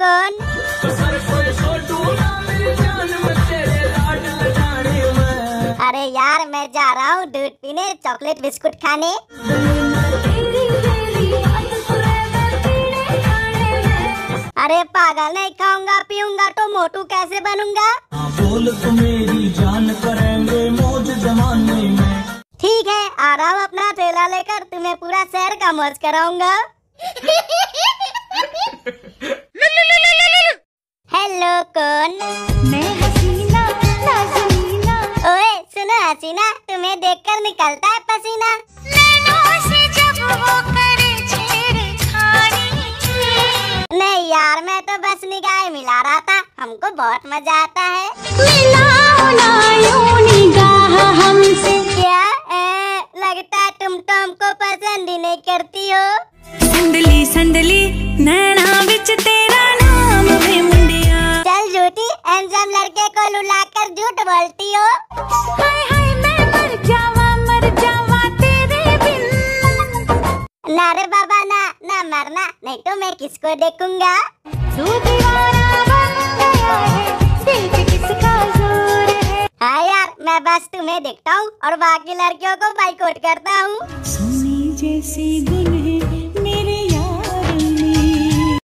कौन अरे यार मैं जा रहा हूँ दूध पीने चॉकलेट बिस्कुट खाने अरे पागल नहीं खाऊंगा पीऊंगा तो मोटू कैसे बनूंगा बोल तो मेरी जान करेंगे मौज जमाने में ठीक है आ रहा हूँ अपना थैला लेकर तुम्हें पूरा शहर का मौज कराऊंगा कौन मैं हसीना ओए सुनो हसीना तुम्हें देखकर निकलता है पसीना से जब वो करे नहीं यार मैं तो बस निगाह मिला रहा था हमको बहुत मजा आता है क्या ए, लगता तुम तो हमको पसंद ही नहीं करती हो संदली संदली नैना रुलाकर झूठ बोलती हो हाय हाय मैं मर जावा मर जावा तेरे बिन ना रे बाबा ना ना मरना नहीं तो मैं किसको देखूंगा तू दीवाना बन गया है दिल पे किसका जोर है हाँ यार मैं बस तुम्हें देखता हूँ और बाकी लड़कियों को बाइकोट करता हूँ सोने जैसी गुल है